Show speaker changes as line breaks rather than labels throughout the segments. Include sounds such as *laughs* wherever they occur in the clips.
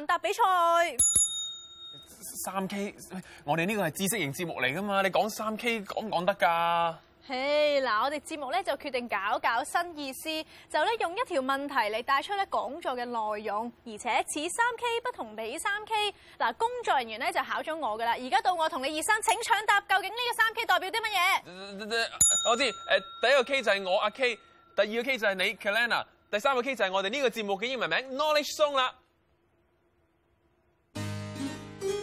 問答比賽
三 K，我哋呢個係知識型節目嚟噶嘛？你講三 K 講唔講得噶？
誒，嗱，我哋節目咧就決定搞搞新意思，就咧用一條問題嚟帶出咧講座嘅內容，而且此三 K 不同彼三 K。嗱，工作人員咧就考咗我噶啦，而家到我同你熱身請搶答，究竟呢個三 K 代表啲乜嘢？
我知，誒，第一個 K 就係我阿 K，第二個 K 就係你 Kelenna，第三個 K 就係我哋呢個節目嘅英文名 Knowledge Song 啦。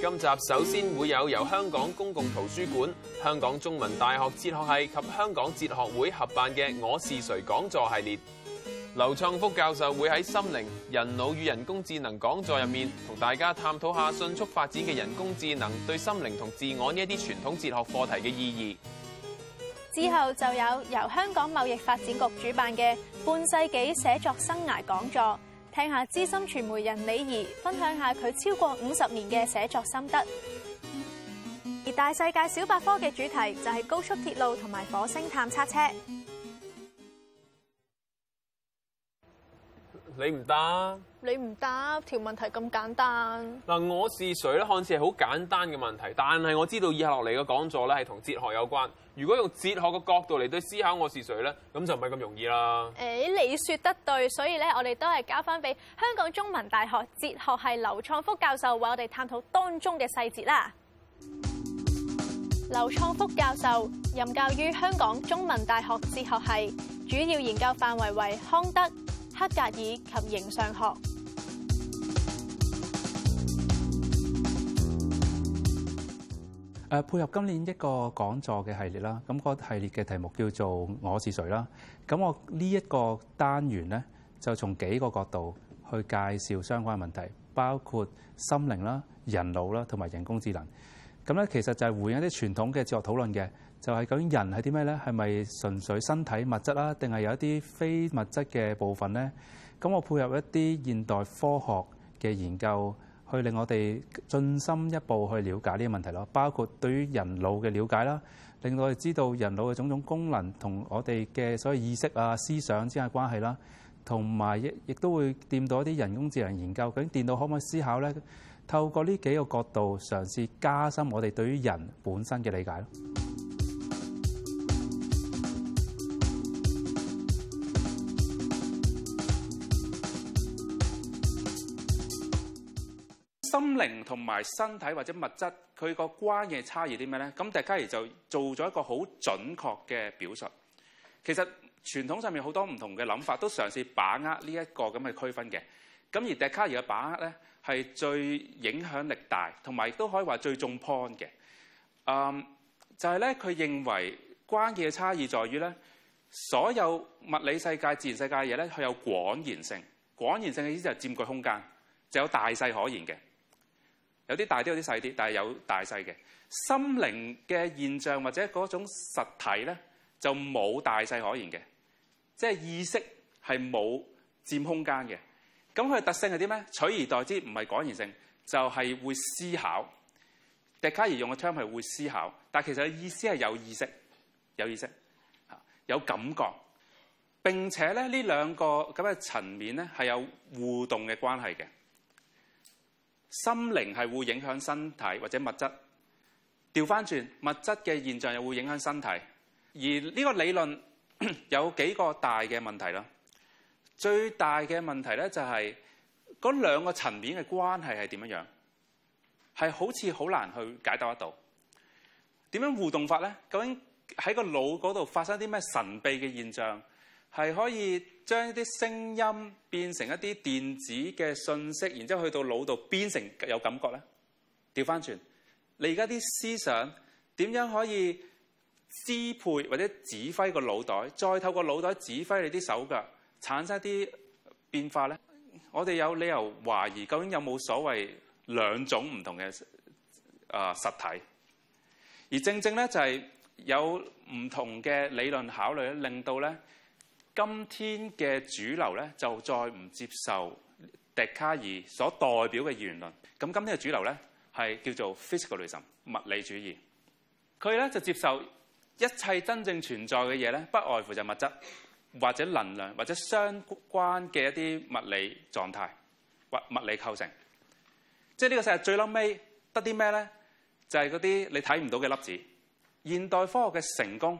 今集首先會有由香港公共圖書館、香港中文大學哲學系及香港哲學會合辦嘅《我是誰》講座系列。劉創馥教授會喺《心靈、人腦與人工智能》講座入面，同大家探討下迅速發展嘅人工智能對心靈同自我呢一啲傳統哲學課題嘅意義。
之後就有由香港貿易發展局主辦嘅《半世紀寫作生涯》講座。聽下資深傳媒人李怡分享下佢超過五十年嘅寫作心得，而大世界小百科嘅主題就係高速鐵路同埋火星探測車。
你唔得，
你唔得，條問題咁簡單。
嗱，我是誰咧？看似係好簡單嘅問題，但係我知道以下落嚟嘅講座咧係同哲學有關。如果用哲學嘅角度嚟到思考我是誰咧，咁就唔係咁容易啦。
誒、哎，你說得對，所以咧，我哋都係交翻俾香港中文大學哲學系劉創馥教授，為我哋探討當中嘅細節啦。劉創馥教授任教於香港中文大學哲學系，主要研究範圍為康德。黑格爾及形上
學。配合今年一個講座嘅系列啦，咁個系列嘅題目叫做《我是誰》啦。咁我呢一個單元呢，就從幾個角度去介紹相關問題，包括心靈啦、人腦啦，同埋人工智能。咁咧，其實就係回應一啲傳統嘅哲學討論嘅。就係、是、究竟人係啲咩呢？係咪純粹身體物質啦，定係有一啲非物質嘅部分呢？咁我配合一啲現代科學嘅研究，去令我哋進深一步去了解呢個問題咯。包括對於人腦嘅了解啦，令我哋知道人腦嘅種種功能同我哋嘅所謂意識啊、思想之間嘅關係啦，同埋亦亦都會掂到一啲人工智能研究，究竟電腦可唔可以思考呢？透過呢幾個角度嘗試加深我哋對於人本身嘅理解咯。心靈同埋身體或者物質，佢個關嘅差異啲咩呢？咁笛卡爾就做咗一個好準確嘅表述。其實傳統上面好多唔同嘅諗法都嘗試把握呢一個咁嘅區分嘅。咁而笛卡爾嘅把握呢，係最影響力大，同埋亦都可以話最重 point 嘅。Um, 就係呢，佢認為關鍵嘅差異在於呢所有物理世界、自然世界嘅嘢呢，佢有廣延性。廣延性嘅意思就係佔據空間，就有大細可言嘅。有啲大啲，有啲細啲，但係有大細嘅心靈嘅現象或者嗰種實體咧，就冇大細可言嘅。即係意識係冇佔空間嘅。咁佢嘅特性係啲咩？取而代之唔係廣延性，就係、是、會思考。笛卡爾用嘅 term 係會思考，但係其實嘅意思係有意識有意識嚇有感覺，並且咧呢兩個咁嘅層面咧係有互動嘅關係嘅。心靈係會影響身體或者物質，調翻轉物質嘅現象又會影響身體。而呢個理論有幾個大嘅問題啦。最大嘅問題咧就係嗰兩個層面嘅關係係點樣？係好似好難去解答得到。點樣互動法咧？究竟喺個腦嗰度發生啲咩神秘嘅現象係可以？將一啲聲音變成一啲電子嘅信息，然之後去到腦度變成有感覺咧。調翻轉，你而家啲思想點樣可以支配或者指揮個腦袋，再透過腦袋指揮你啲手腳，產生一啲變化咧？我哋有理由懷疑究竟有冇所謂兩種唔同嘅啊實、呃、實體，而正正咧就係、是、有唔同嘅理論考慮咧，令到咧。今天嘅主流咧就再唔接受笛卡爾所代表嘅言論。咁今天嘅主流咧係叫做 physics a 嘅理論 physicalism，物理主義。佢咧就接受一切真正存在嘅嘢咧，不外乎就物質或者能量或者相關嘅一啲物理狀態或物理構成。即係呢個世界最撚尾得啲咩咧？就係嗰啲你睇唔到嘅粒子。現代科學嘅成功，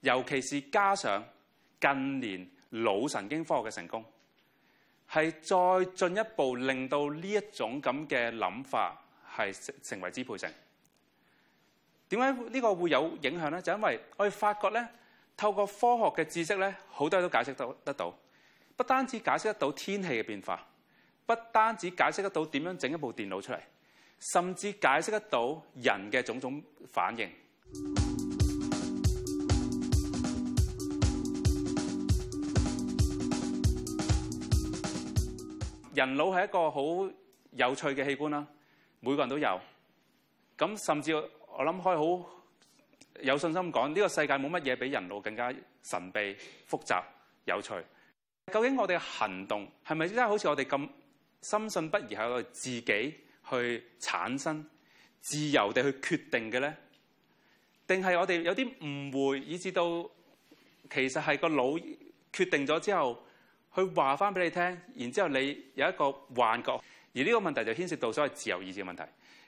尤其是加上。近年腦神經科學嘅成功，係再進一步令到呢一種咁嘅諗法係成為支配性。點解呢個會有影響呢？就因為我哋發覺呢，透過科學嘅知識呢，好多人都解釋得得到。不單止解釋得到天氣嘅變化，不單止解釋得到點樣整一部電腦出嚟，甚至解釋得到人嘅種種反應。人腦係一個好有趣嘅器官啦，每個人都有。咁甚至我諗可以好有信心講，呢個世界冇乜嘢比人腦更加神秘、複雜、有趣。究竟我哋嘅行動係咪真係好似我哋咁深信不疑喺度自己去產生、自由地去決定嘅咧？定係我哋有啲誤會，以至到其實係個腦決定咗之後？佢話翻俾你聽，然之後你有一個幻覺，而呢個問題就牽涉到所謂自由意志嘅問題。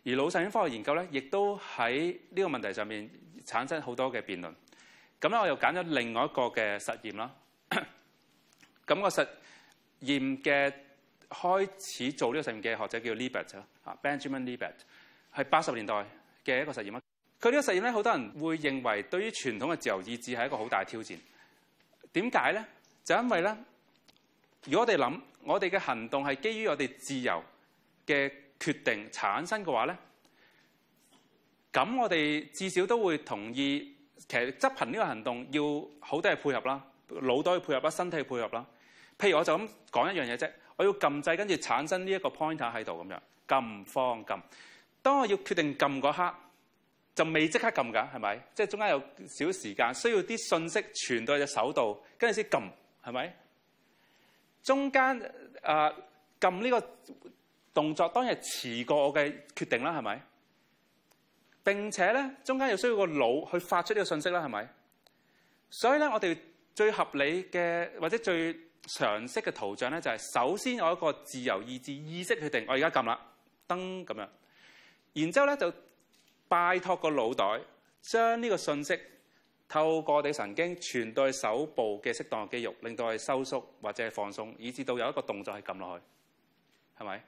而腦神經科學研究咧，亦都喺呢個問題上面產生好多嘅辯論。咁咧，我又揀咗另外一個嘅實驗啦。咁個實驗嘅開始做呢個實驗嘅學者叫 Libet 啦、啊、Benjamin Libet，係八十年代嘅一個實驗啦。佢呢個實驗咧，好多人會認為對於傳統嘅自由意志係一個好大嘅挑戰。點解咧？就因為咧。如果我哋諗，我哋嘅行動係基於我哋自由嘅決定產生嘅話咧，咁我哋至少都會同意，其實執行呢個行動要好多嘅配合啦，腦袋要配合啦，身體配合啦。譬如我就咁講一樣嘢啫，我要撳掣，跟住產生呢一個 point 喺度咁樣撳方撳。當我要決定撳嗰刻，就未即刻撳㗎，係咪？即係中間有少時間，需要啲信息傳到隻手度，跟住先撳，係咪？中間啊，撳、呃、呢個動作當然遲過我嘅決定啦，係咪？並且咧，中間又需要個腦去發出呢個訊息啦，係咪？所以咧，我哋最合理嘅或者最常識嘅圖像咧，就係、是、首先有一個自由意志意識決定，我而家撳啦「登」咁樣，然之後咧就拜託個腦袋將呢個訊息。透過你神經傳到手部嘅適當嘅肌肉，令到佢收縮或者係放鬆，以至到有一個動作係撳落去，係咪？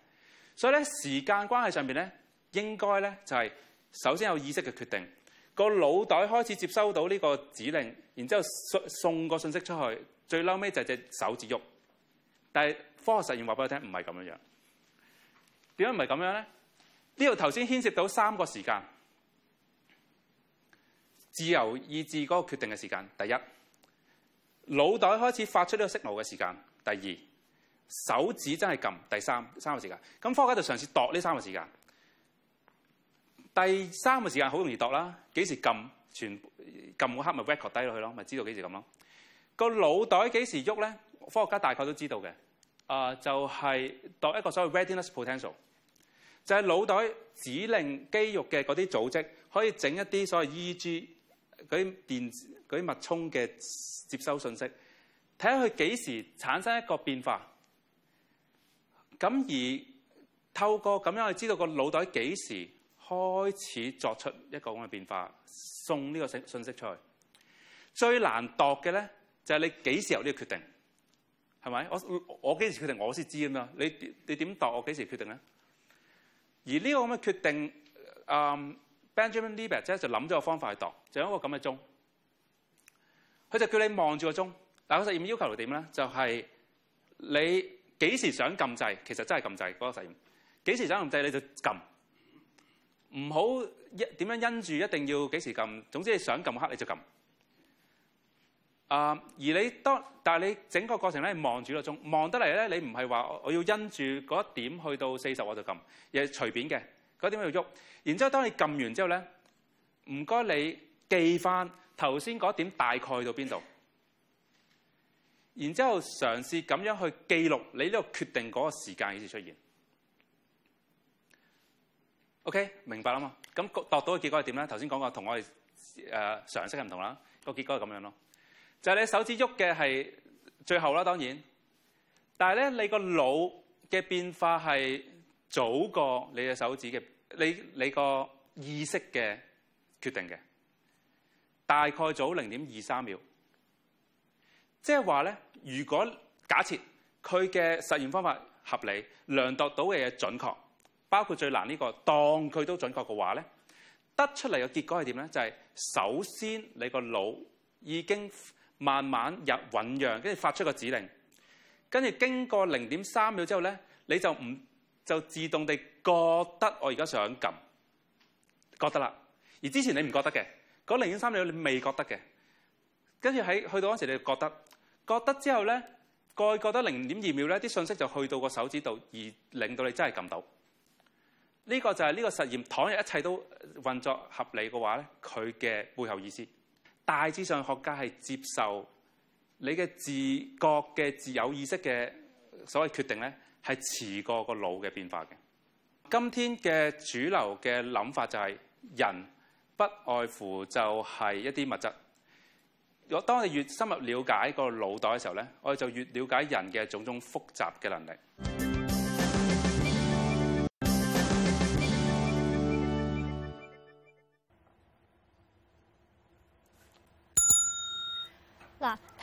所以咧，時間關係上邊咧，應該咧就係首先有意識嘅決定，個腦袋開始接收到呢個指令，然之後送個信息出去，最嬲尾就係隻手指喐。但係科學實驗話俾我聽，唔係咁樣樣。點解唔係咁樣咧？呢度頭先牽涉到三個時間。自由意志嗰個決定嘅時間，第一，腦袋開始發出呢個訊號嘅時間；第二，手指真係撳；第三三個時間。咁科學家就嘗試度呢三個時間。第三個時間好容易度啦，幾時撳？全撳嗰刻咪 record 低落去咯，咪知道幾時撳咯。個腦袋幾時喐咧？科學家大概都知道嘅。啊，就係度一個所謂 readiness potential，就係腦袋指令肌肉嘅嗰啲組織可以整一啲所謂 e.g. 嗰啲電、嗰啲脈衝嘅接收信息，睇下佢幾時產生一個變化。咁而透過咁樣去知道個腦袋幾時開始作出一個咁嘅變化，送呢個信信息出去。最難度嘅咧，就係、是、你幾時有呢個決定，係咪？我我幾時決定，我先知咁樣。你你點度？我幾時決定咧？而呢個咁嘅決定，嗯。Benjamin Libet 咧就諗咗個方法去度，就用一個咁嘅鐘，佢就叫你望住個鐘。但、個實驗要求係點咧？就係、是、你幾時想撳掣，其實真係撳掣嗰個實驗。幾時想撳掣你就撳，唔好點樣因住一定要幾時撳。總之你想撳黑你就撳。啊，而你當但係你整個過程咧，望住個鐘，望得嚟咧，你唔係話我要因住嗰一點去到四十我就撳，而係隨便嘅。嗰點喐，然之後當你撳完之後咧，唔該你記翻頭先嗰點大概到邊度，然之後嘗試咁樣去記錄你呢個決定嗰個時間幾時出現。OK，明白啦嘛？咁度到嘅結果係點咧？頭先講過我試試同我哋誒常識係唔同啦，個結果係咁樣咯，就係、是、你手指喐嘅係最後啦，當然，但係咧你個腦嘅變化係。早過你嘅手指嘅，你你個意識嘅決定嘅，大概早零點二三秒。即係話咧，如果假設佢嘅實驗方法合理，量度到嘅嘢準確，包括最難呢、這個當佢都準確嘅話咧，得出嚟嘅結果係點咧？就係、是、首先你個腦已經慢慢入醖釀，跟住發出個指令，跟住經過零點三秒之後咧，你就唔。就自動地覺得我而家想撳，覺得啦。而之前你唔覺得嘅，嗰零點三秒你未覺得嘅，跟住喺去到嗰時你就覺得，覺得之後咧，再覺得零點二秒咧，啲信息就去到個手指度，而令到你真係撳到。呢個就係呢個實驗，倘若一切都運作合理嘅話咧，佢嘅背後意思，大致上學家係接受你嘅自覺嘅自由意識嘅所謂決定咧。係遲過個腦嘅變化嘅。今天嘅主流嘅諗法就係人不外乎就係一啲物質。若當你越深入了解個腦袋嘅時候咧，我哋就越了解人嘅種種複雜嘅能力。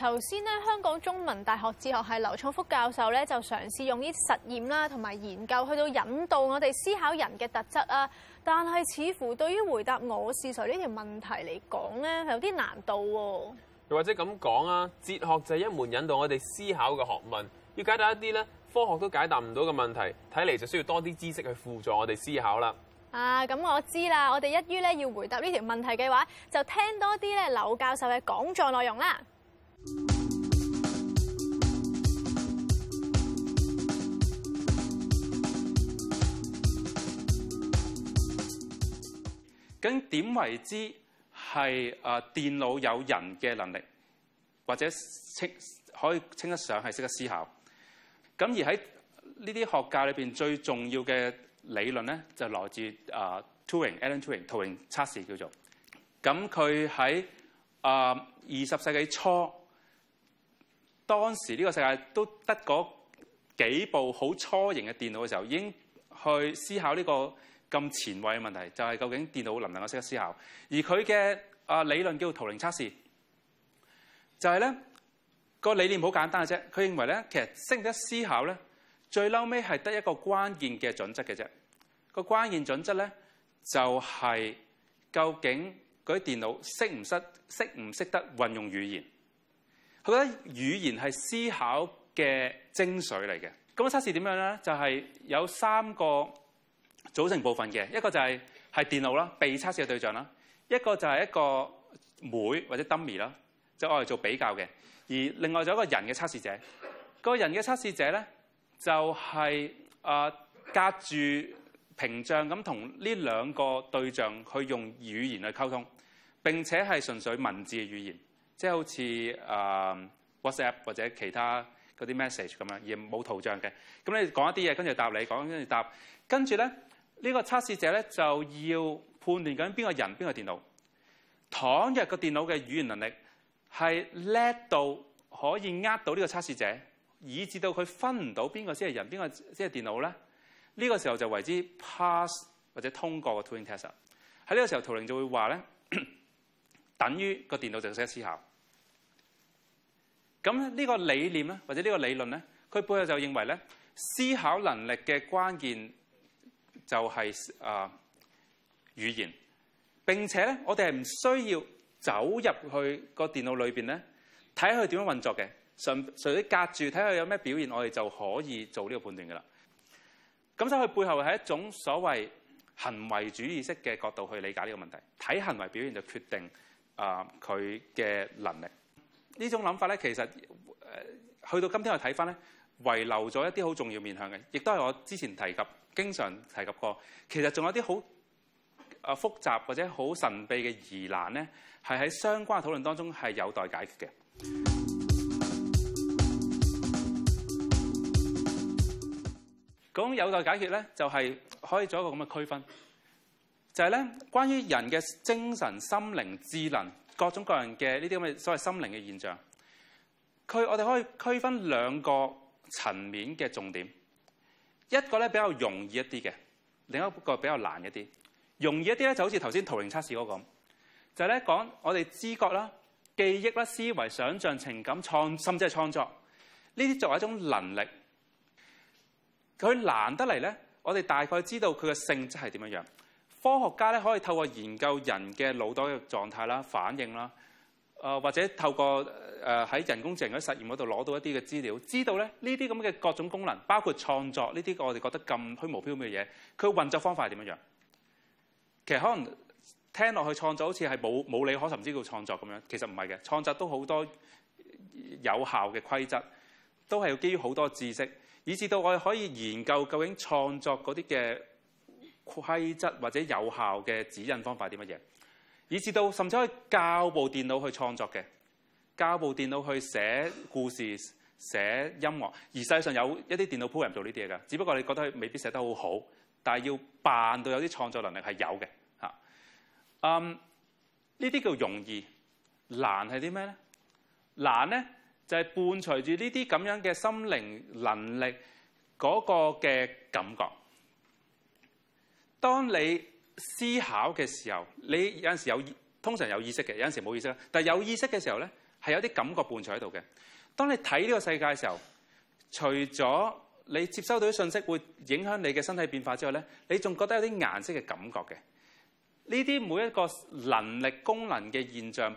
頭先咧，香港中文大學哲學系劉創馥教授咧，就嘗試用啲實驗啦，同埋研究去到引導我哋思考人嘅特質啊。但係似乎對於回答我是誰呢條問題嚟講咧，係有啲難度啊。
又或者咁講啊，哲學就係一門引導我哋思考嘅學問，要解答一啲咧科學都解答唔到嘅問題，睇嚟就需要多啲知識去輔助我哋思考啦。
啊，咁我知啦。我哋一於咧要回答呢條問題嘅話，就聽多啲咧劉教授嘅講座內容啦。
咁點為之係啊？電腦有人嘅能力，或者稱可以稱得上係識得思考。咁而喺呢啲學界裏邊最重要嘅理論咧，就來自啊圖靈 （Alan Turing） 圖靈測試叫做。咁佢喺啊二十世紀初。當時呢個世界都得嗰幾部好初型嘅電腦嘅時候，已經去思考呢個咁前衞嘅問題，就係究竟電腦能唔能夠識得思考？而佢嘅啊理論叫圖靈測試，就係咧，個理念好簡單嘅啫。佢認為咧，其實識唔得思考咧，最嬲尾係得一個關鍵嘅準則嘅啫。個關鍵準則咧就係究竟嗰啲電腦識唔識識唔識得運用語言。佢覺得語言係思考嘅精髓嚟嘅。咁個測試點樣咧？就係有三個組成部分嘅，一個就係係電腦啦，被測試嘅對象啦；一個就係一個妹或者 dummy 啦，就攞嚟做比較嘅。而另外仲有一個人嘅測試者，個人嘅測試者咧就係啊隔住屏障咁同呢兩個對象去用語言去溝通，並且係純粹文字嘅語言。即係好似誒 WhatsApp 或者其他啲 message 咁樣而冇圖像嘅。咁你講一啲嘢，跟住答你講跟住答。跟住咧，呢個測試者咧就要判斷緊邊個人、邊個電腦倘若個電腦嘅語言能力係叻到可以呃到呢個測試者，以至到佢分唔到邊個先係人、邊個先係電腦咧，呢個時候就為之 pass 或者通過個 turing test。喺呢個時候，圖靈就會話咧， *coughs* 等於個電腦就識得思考。咁呢個理念咧，或者呢個理論咧，佢背後就認為咧，思考能力嘅關鍵就係啊語言。並且咧，我哋係唔需要走入去個電腦裏邊咧，睇下佢點樣運作嘅，純粹隔住睇下佢有咩表現，我哋就可以做呢個判斷嘅啦。咁所以佢背後係一種所謂行為主義式嘅角度去理解呢個問題，睇行為表現就決定啊佢嘅能力。呢種諗法咧，其實去到今天去睇翻咧，遺留咗一啲好重要面向嘅，亦都係我之前提及，經常提及過。其實仲有啲好啊複雜或者好神秘嘅疑難咧，係喺相關討論當中係有待解決嘅。講 *music* 有待解決咧，就係、是、可以做一個咁嘅區分，就係、是、咧關於人嘅精神、心靈、智能、各種各樣嘅呢啲咁嘅所謂心靈嘅現象，佢，我哋可以區分兩個層面嘅重點。一個咧比較容易一啲嘅，另一個比較難一啲。容易一啲咧就好似頭先圖靈測試嗰個咁，就係咧講我哋知覺啦、記憶啦、思維、想像、情感、創，甚至係創作呢啲作為一種能力。佢難得嚟咧，我哋大概知道佢嘅性質係點樣樣。科學家咧可以透過研究人嘅腦袋嘅狀態啦、反應啦，誒或者透過誒喺人工智能嘅啲實驗嗰度攞到一啲嘅資料，知道咧呢啲咁嘅各種功能，包括創作呢啲我哋覺得咁虛無縹緲嘅嘢，佢運作方法係點樣？其實可能聽落去創作好似係冇冇理可尋之類創作咁樣，其實唔係嘅，創作都好多有效嘅規則，都係要基於好多知識，以至到我哋可以研究究竟創作嗰啲嘅。規則或者有效嘅指引方法係啲乜嘢？以至到甚至可以教部電腦去創作嘅，教部電腦去寫故事、寫音樂，而世界上有一啲電腦 program 做呢啲嘢嘅，只不過你覺得佢未必寫得好好，但係要扮到有啲創作能力係有嘅吓，嗯，呢啲叫容易，難係啲咩咧？難咧就係伴隨住呢啲咁樣嘅心靈能力嗰個嘅感覺。當你思考嘅時候，你有陣時有通常有意識嘅，有陣時冇意識啦。但係有意識嘅時候呢，係有啲感覺伴隨喺度嘅。當你睇呢個世界嘅時候，除咗你接收到啲信息會影響你嘅身體變化之外呢，你仲覺得有啲顏色嘅感覺嘅。呢啲每一個能力功能嘅現象，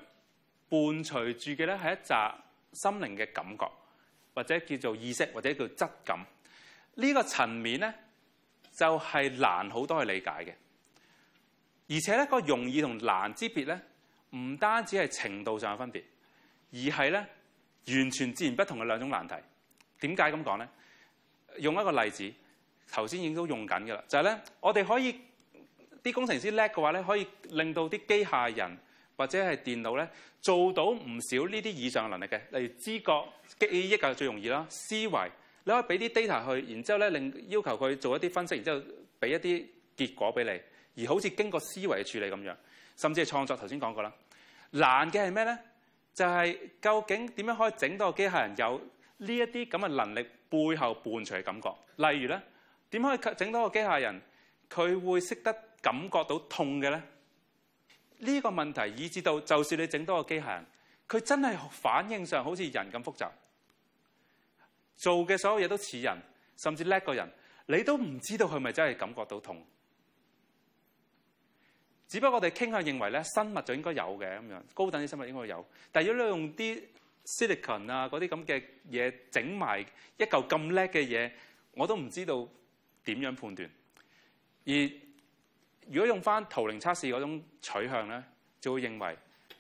伴隨住嘅呢係一紮心靈嘅感覺，或者叫做意識，或者叫質感。呢、呢個層面呢。就係難好多去理解嘅，而且咧個容易同難之別咧，唔單止係程度上有分別，而係咧完全截然不同嘅兩種難題。點解咁講咧？用一個例子，頭先已經都用緊㗎啦，就係咧我哋可以啲工程師叻嘅話咧，可以令到啲機械人或者係電腦咧做到唔少呢啲以上嘅能力嘅，例如知覺、記憶就最容易啦，思維。你可以俾啲 data 去，然之後咧令要求佢做一啲分析，然之後俾一啲結果俾你，而好似經過思維嘅處理咁樣，甚至係創作。頭先講過啦，難嘅係咩咧？就係究竟點樣可以整到個機械人有呢一啲咁嘅能力背後伴隨嘅感覺？例如咧，點可以整到個機械人佢會識得感覺到痛嘅咧？呢個問題以至到，就算你整到個機械人，佢真係反應上好似人咁複雜。做嘅所有嘢都似人，甚至叻過人，你都唔知道佢咪真係感覺到痛。只不過我哋傾向認為咧，生物就應該有嘅咁樣，高等啲生物應該有。但係如果你用啲 silicon 啊嗰啲咁嘅嘢整埋一舊咁叻嘅嘢，我都唔知道點樣判斷。而如果用翻圖靈測試嗰種取向咧，就會認為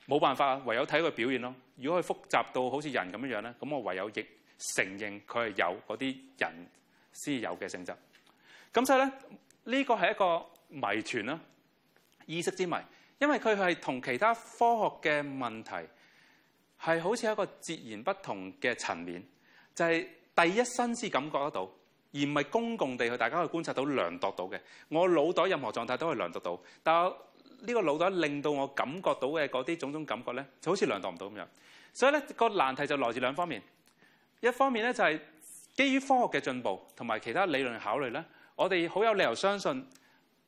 冇辦法，唯有睇佢表現咯。如果佢複雜到好似人咁樣樣咧，咁我唯有亦。承認佢係有嗰啲人先有嘅性質，咁所以咧呢個係一個謎團啦，意識之謎，因為佢係同其他科學嘅問題係好似一個截然不同嘅層面，就係、是、第一身先感覺得到，而唔係公共地去大家去觀察到量度到嘅。我腦袋任何狀態都可以量度到，但係呢、這個腦袋令到我感覺到嘅嗰啲種種感覺咧，就好似量度唔到咁樣。所以咧個難題就來自兩方面。一方面咧就係基於科學嘅進步同埋其他理論考慮咧，我哋好有理由相信，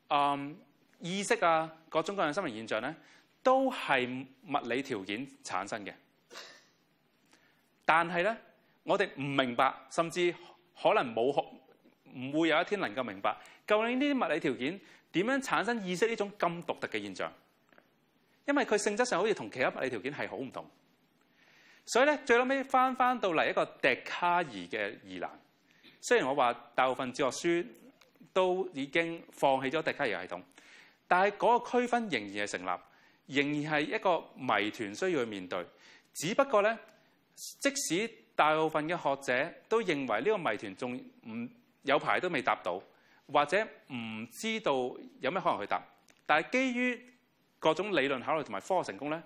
嗯、意識啊各種各樣心理現象咧，都係物理條件產生嘅。但係咧，我哋唔明白，甚至可能冇學唔會有一天能夠明白，究竟呢啲物理條件點樣產生意識呢種咁獨特嘅現象，因為佢性質上好似同其他物理條件係好唔同。所以咧，最後尾翻翻到嚟一個笛卡爾嘅疑難。雖然我話大部分哲學書都已經放棄咗笛卡爾系統，但係嗰個區分仍然係成立，仍然係一個謎團需要去面對。只不過呢，即使大部分嘅學者都認為呢個謎團仲唔有排都未答到，或者唔知道有咩可能去答，但係基於各種理論考慮同埋科學成功呢。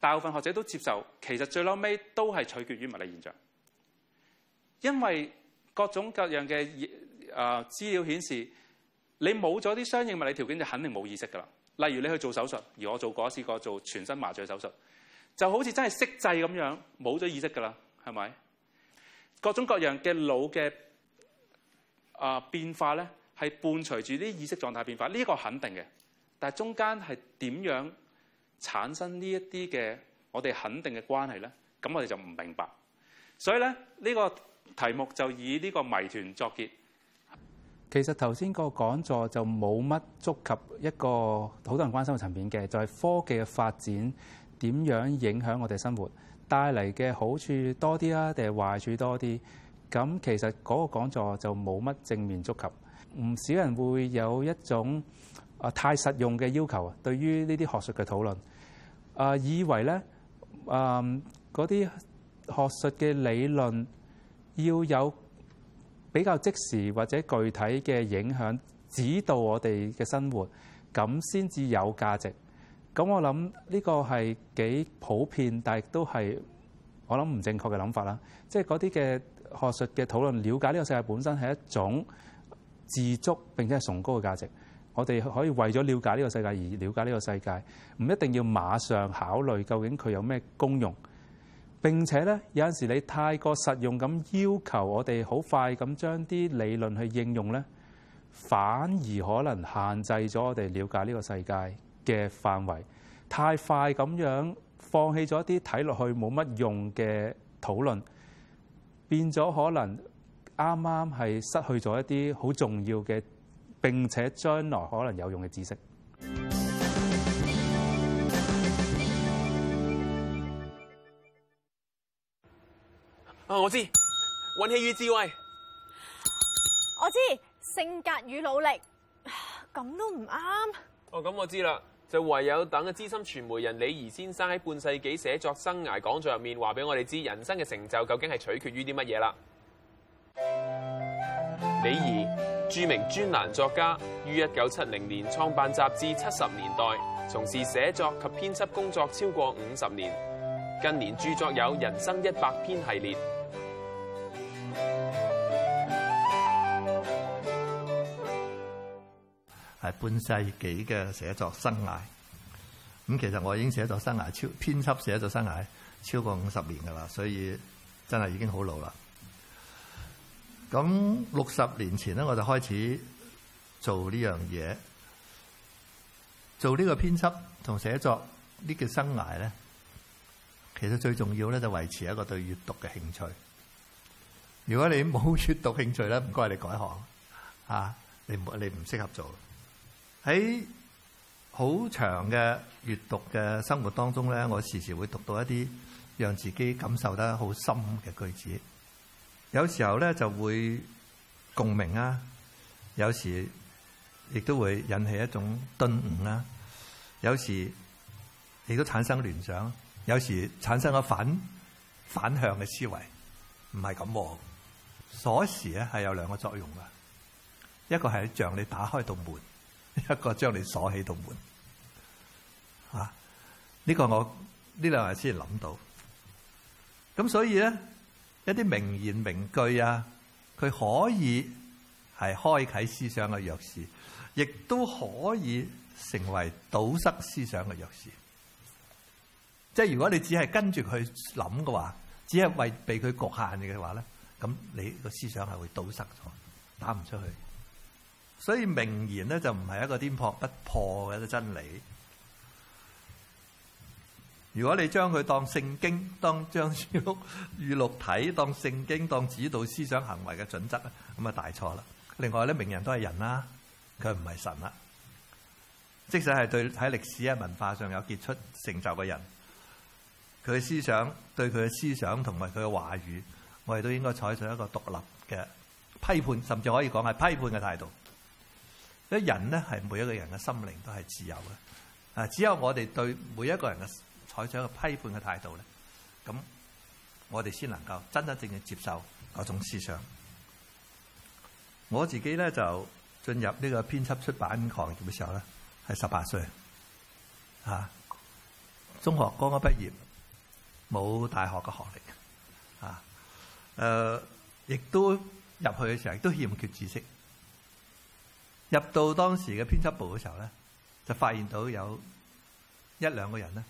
大部分學者都接受，其實最撈尾都係取決於物理現象，因為各種各樣嘅誒資料顯示，你冇咗啲相應物理條件就肯定冇意識㗎啦。例如你去做手術，而我做過一次過做全身麻醉手術，就好似真係熄掣咁樣，冇咗意識㗎啦，係咪？各種各樣嘅腦嘅啊變化咧，係伴隨住啲意識狀態變化，呢個肯定嘅，但係中間係點樣？產生呢一啲嘅我哋肯定嘅關係呢，咁我哋就唔明白。所以呢，呢個題目就以呢個謎團作結。其實頭先個講座就冇乜觸及一個好多人關心嘅層面嘅，就係科技嘅發展點樣影響我哋生活，帶嚟嘅好處多啲啊，定係壞處多啲？咁其實嗰個講座就冇乜正面觸及，唔少人會有一種。啊！太實用嘅要求，啊，對於呢啲學術嘅討論，啊、呃，以為咧啊啲學術嘅理論要有比較即時或者具體嘅影響，指導我哋嘅生活，咁先至有價值。咁我諗呢個係幾普遍，但係都係我諗唔正確嘅諗法啦。即係啲嘅學術嘅討論，了解呢個世界本身係一種自足並且係崇高嘅價值。我哋可以為咗了，了解呢個世界而了解呢個世界，唔一定要馬上考慮究竟佢有咩功用。並且咧，有陣時你太過實用咁要求我哋好快咁將啲理論去應用咧，反而可能限制咗我哋了解呢個世界嘅範圍，太快咁樣放棄咗一啲睇落去冇乜用嘅討論，變咗可能啱啱係失去咗一啲好重要嘅。並且將來可能有用嘅知識。
啊，我知，運氣與智慧。
我知，性格與努力。咁都唔啱。
哦，咁我知啦，就唯有等資深傳媒人李怡先生喺半世紀寫作生涯講座入面話俾我哋知，人生嘅成就究竟係取決於啲乜嘢啦。
李怡。
著名專欄作家於一九七零年創辦雜誌《七十年代》，從事寫作及編輯工作超過五十年。近年著作有《人生一百篇》系列，
係半世紀嘅寫作生涯。咁其實我已經寫作生涯超編輯寫作生涯超過五十年噶啦，所以真係已經好老啦。咁六十年前咧，我就開始做呢樣嘢，做呢個編輯同寫作呢個生涯咧，其實最重要咧就維持一個對閱讀嘅興趣。如果你冇閱讀興趣咧，唔該你改行啊！你唔你唔適合做。喺好長嘅閱讀嘅生活當中咧，我時時會讀到一啲讓自己感受得好深嘅句子。有時候咧就會共鳴啊，有時亦都會引起一種頓悟啦。有時亦都產生聯想，有時產生個反反向嘅思維，唔係咁。鎖匙咧係有兩個作用㗎，一個係將你打開道門，一個將你鎖起道門。啊，呢個我呢兩日先諗到。咁所以咧。一啲名言名句啊，佢可以係開啟思想嘅鎖匙，亦都可以成為堵塞思想嘅鎖匙。即係如果你只係跟住佢諗嘅話，只係為畀佢局限嘅話咧，咁你個思想係會堵塞咗，打唔出去。所以名言咧就唔係一個顛撲不破嘅一個真理。如果你將佢當聖經，當張書屋語錄睇，當聖經當指導思想行為嘅準則咧，咁啊大錯啦！另外咧，名人都係人啦，佢唔係神啦。即使係對喺歷史啊文化上有傑出成就嘅人，佢嘅思想對佢嘅思想同埋佢嘅話語，我哋都應該採取一個獨立嘅批判，甚至可以講係批判嘅態度。因為人咧係每一個人嘅心靈都係自由嘅啊，只有我哋對每一個人嘅。採取一個批判嘅態度咧，咁我哋先能夠真真正正接受嗰種思想。我自己咧就進入呢個編輯出版行業嘅時候咧，係十八歲啊，中學剛剛畢業，冇大學嘅學歷啊，誒、啊，亦都入去嘅時候亦都欠缺知識。入到當時嘅編輯部嘅時候咧，就發現到有一兩個人咧。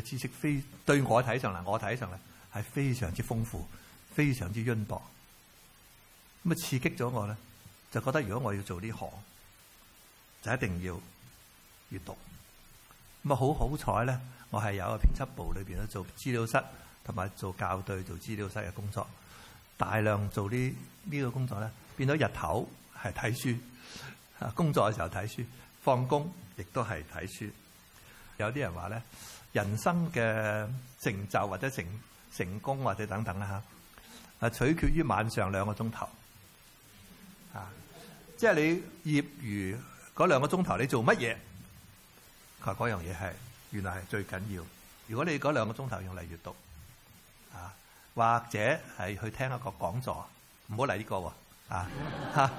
知識非對我睇上嚟，我睇上嚟係非常之豐富，非常之淵博。咁啊，刺激咗我咧，就覺得如果我要做呢行，就一定要閱讀。咁啊，好好彩咧，我係有一個編輯部裏邊咧做資料室，同埋做校對、做資料室嘅工作，大量做啲呢呢個工作咧，變咗日頭係睇書，工作嘅時候睇書，放工亦都係睇書。有啲人話咧。人生嘅成就或者成成功或者等等啦，吓、啊，取決於晚上兩個鐘頭。啊。即係你業餘嗰兩個鐘頭，你做乜嘢？佢話嗰樣嘢係原來，係最緊要。如果你嗰兩個鐘頭用嚟閱讀，啊，或者係去聽一個講座，唔好嚟呢個啊，揾、啊、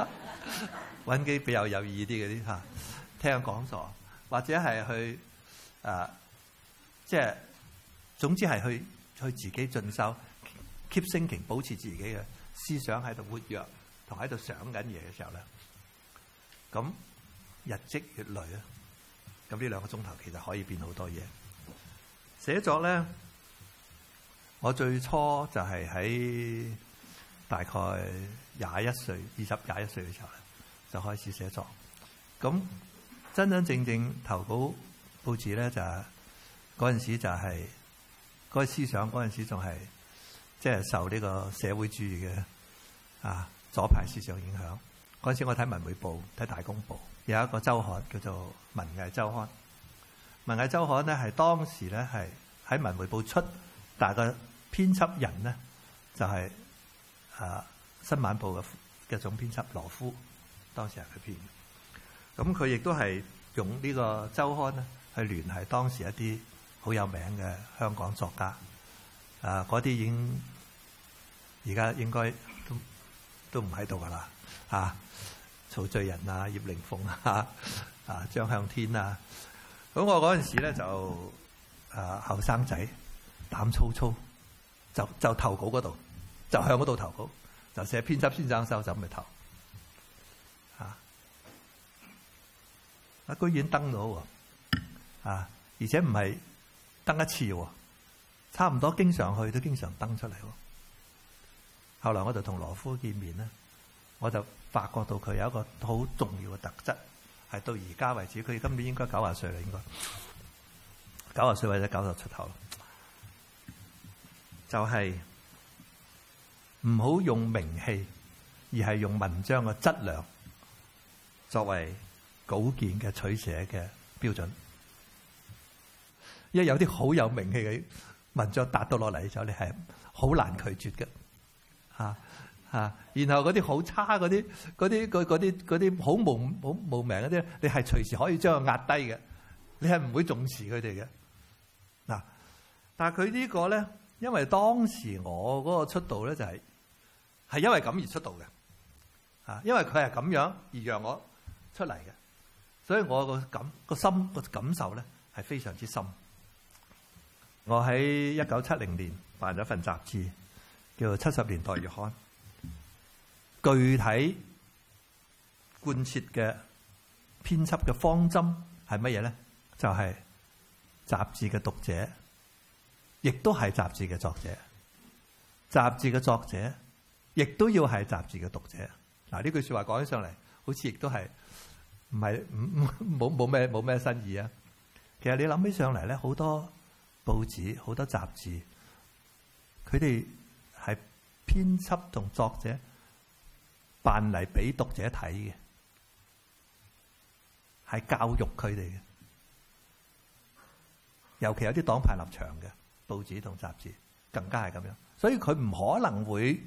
啲、啊、比較有意義啲嗰啲吓，聽下講座，或者係去啊。即係總之係去去自己進修，keep 升級，保持自己嘅思想喺度活躍，同喺度想緊嘢嘅時候咧，咁日積月累啊。咁呢兩個鐘頭其實可以變好多嘢。寫作咧，我最初就係喺大概廿一歲、二十廿一歲嘅時候咧，就開始寫作。咁真真正正，正投稿報紙咧，就係。嗰陣時就係嗰個思想，嗰陣時仲係即係受呢個社會主義嘅啊左派思想影響。嗰陣時我睇《文匯報》，睇《大公報》，有一個周刊叫做文刊《文藝周刊》。《文藝周刊》咧係當時咧係喺《文匯報》出，但係個編輯人咧就係啊《新晚報》嘅嘅總編輯羅夫，當時係佢編。咁佢亦都係用呢個周刊咧去聯繫當時一啲。好有名嘅香港作家，啊，嗰啲已經而家應該都都唔喺度噶啦，啊，曹聚仁啊、葉靈鳳啊、啊張向天啊，咁我嗰陣時咧就啊後生仔膽粗粗，就就投稿嗰度，就向嗰度投稿，就寫編輯先生收就咁嚟投，啊，啊居然登到喎，啊，而且唔係，登一次喎，差唔多經常去都經常登出嚟。後來我就同羅夫見面咧，我就發覺到佢有一個好重要嘅特質，係到而家為止，佢今年應該九十歲啦，應該九十歲或者九十出頭，就係唔好用名氣，而係用文章嘅質量作為稿件嘅取捨嘅標準。一有啲好有名氣嘅文章達到落嚟咗，你係好難拒絕嘅，嚇、啊、嚇、啊。然後嗰啲好差嗰啲、嗰啲、啲、啲好冇好無名嗰啲，你係隨時可以將佢壓低嘅，你係唔會重視佢哋嘅。嗱、啊，但係佢呢個咧，因為當時我嗰個出道咧就係、係、係因為咁而出道嘅，嚇、啊，因為佢係咁樣而讓我出嚟嘅，所以我個感、嗰個心、嗰個感受咧係非常之深。我喺一九七零年辦咗份雜誌，叫做《七十年代月刊》。具體貫徹嘅編輯嘅方針係乜嘢咧？就係、是、雜誌嘅讀者，亦都係雜誌嘅作者。雜誌嘅作者，亦都要係雜誌嘅讀者。嗱呢句話說話講起上嚟，好似亦都係唔係唔冇冇咩冇咩新意啊。其實你諗起上嚟咧，好多。報紙好多雜誌，佢哋係編輯同作者扮嚟俾讀者睇嘅，係教育佢哋嘅。尤其有啲黨派立場嘅報紙同雜誌，更加係咁樣。所以佢唔可能會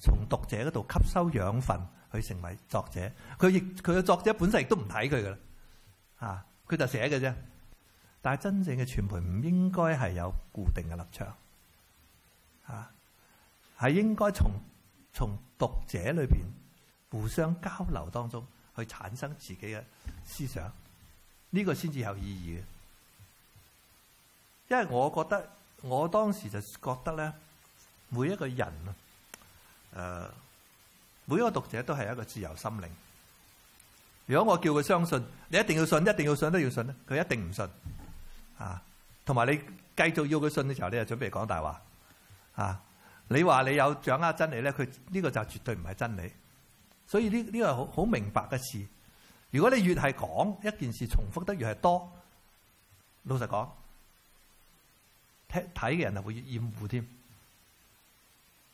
從讀者嗰度吸收養分去成為作者。佢亦佢嘅作者本身亦都唔睇佢噶啦，啊，佢就寫嘅啫。但係真正嘅傳媒唔應該係有固定嘅立場，嚇，係應該從，從讀者裏面互相交流當中去產生自己嘅思想，呢、這個先至有意義嘅。因為我覺得，我當時就覺得咧，每一個人啊、呃，每一個讀者都係一個自由心靈。如果我叫佢相信，你一定要信，一定要信，都要信咧，佢一定唔信。啊，同埋你繼續要佢信嘅時候，你又準備講大話啊。你話你有掌握真理咧，佢呢個就絕對唔係真理。所以呢呢個係好好明白嘅事。如果你越係講一件事，重複得越係多，老實講，睇睇嘅人係會越厭惡添。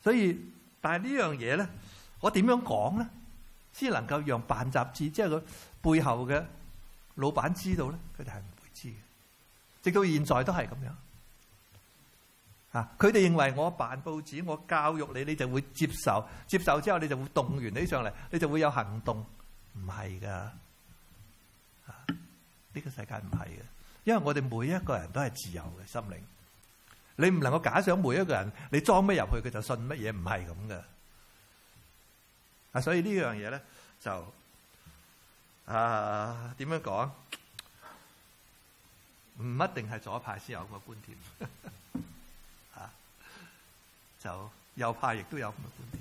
所以，但係呢樣嘢咧，我點樣講咧，先能夠讓辦雜誌即係佢背後嘅老闆知道咧，佢就係。直到現在都係咁樣，吓佢哋認為我辦報紙，我教育你，你就會接受，接受之後你就會動員你上嚟，你就會有行動，唔係噶，啊呢個世界唔係嘅，因為我哋每一個人都係自由嘅心靈，你唔能夠假想每一個人你裝乜入去佢就信乜嘢，唔係咁嘅，啊所以呢樣嘢咧就啊點樣講？唔一定係左派先有個觀點，嚇 *laughs* 就右派亦都有咁嘅觀點。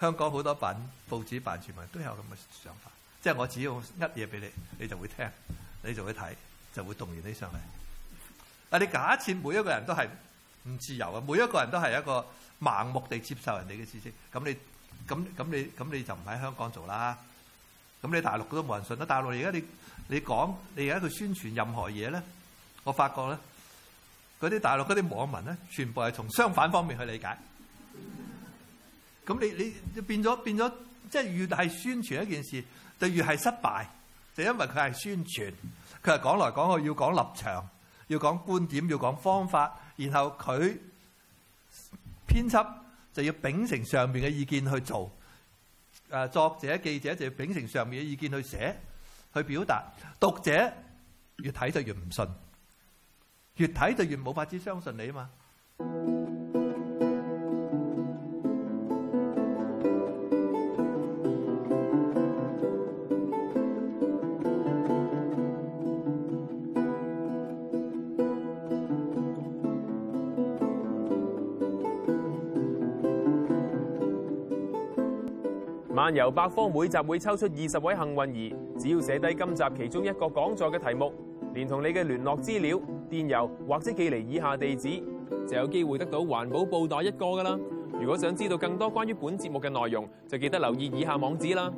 香港好多版報紙、版傳聞都有咁嘅想法，即係我只要噏嘢俾你，你就會聽，你就會睇，就會動員你上嚟。但你假設每一個人都係唔自由嘅，每一個人都係一個盲目地接受人哋嘅知識，咁你咁咁你咁你，你就唔喺香港做啦。咁你大陸都冇人信啦。大陸而家你你講你而家佢宣傳任何嘢咧？我發覺咧，嗰啲大陸嗰啲網民咧，全部係從相反方面去理解。咁你你變咗變咗，即係越係宣傳一件事，就越係失敗。就因為佢係宣傳，佢係講來講去要講立場，要講觀點，要講方法，然後佢編輯就要秉承上面嘅意見去做。誒，作者記者就要秉承上面嘅意見去寫去表達，讀者越睇就越唔信。越睇就越冇法子相信你啊嘛，
漫遊百科每集會抽出二十位幸運兒，只要寫低今集其中一個講座嘅題目，連同你嘅聯絡資料。電郵或者寄嚟以下地址，就有機會得到環保布袋一個㗎啦。
如果想知道更多關於本節目嘅內容，就記得留意以下網址啦。